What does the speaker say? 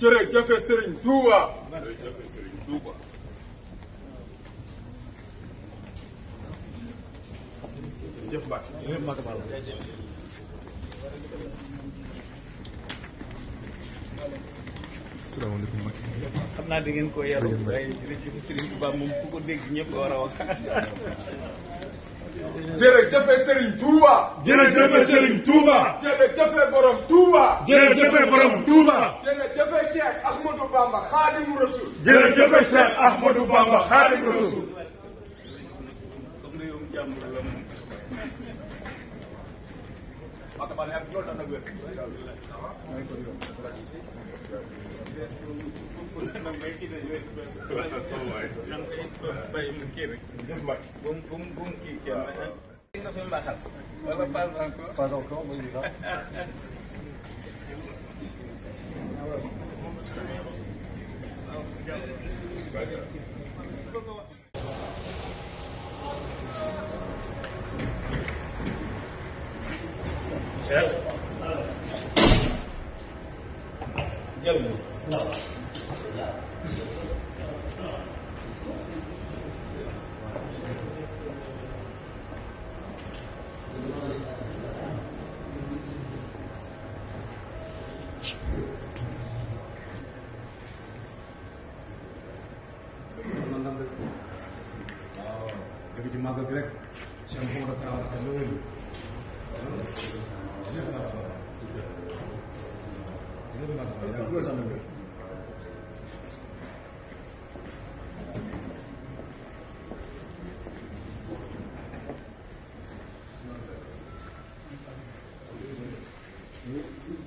jërëjëf sëriñ Touba jërëjëf sëriñ Touba jërëjëf Mbacke jërëjëf Mbacke Balla asalaamaaleykum Mbacke xam naa da ngeen ko yaru waaye dégg ñëpp war a wax jërëjëf sëriñ Touba jërëjëf sëriñ borom xaadimu rasul. jërëjëf Cheikh Ahmadou Bamba xaadimu rasul. jël bi di màggal bi rek seen xaw ma la karawal ak loolu yi. Thank you.